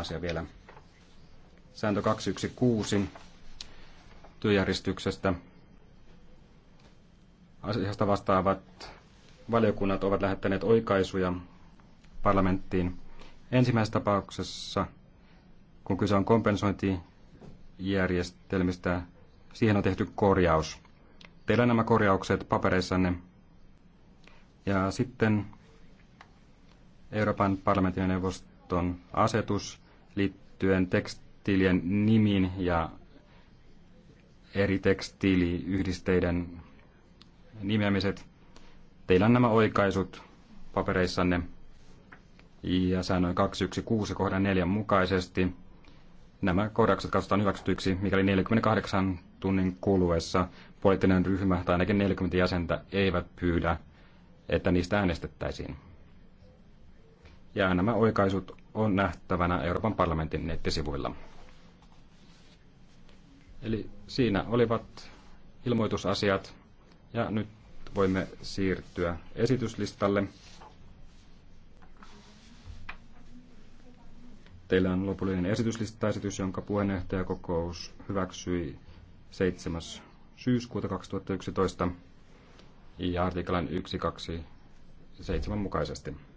asia vielä. Sääntö 216 työjärjestyksestä. Asiasta vastaavat valiokunnat ovat lähettäneet oikaisuja parlamenttiin. Ensimmäisessä tapauksessa, kun kyse on kompensointijärjestelmistä, siihen on tehty korjaus. Teillä nämä korjaukset papereissanne. Ja sitten Euroopan parlamentin ja neuvosto neuvoston asetus liittyen tekstiilien nimiin ja eri tekstiiliyhdisteiden nimeämiset. Teillä on nämä oikaisut papereissanne ja säännöin 216 kohdan 4 mukaisesti. Nämä kohdaukset katsotaan hyväksytyksi, mikäli 48 tunnin kuluessa poliittinen ryhmä tai ainakin 40 jäsentä eivät pyydä, että niistä äänestettäisiin. Ja nämä oikaisut on nähtävänä Euroopan parlamentin nettisivuilla. Eli siinä olivat ilmoitusasiat ja nyt voimme siirtyä esityslistalle. Teillä on lopullinen esityslistaesitys, jonka puheenjohtajakokous hyväksyi 7. syyskuuta 2011 ja artiklan 127 mukaisesti.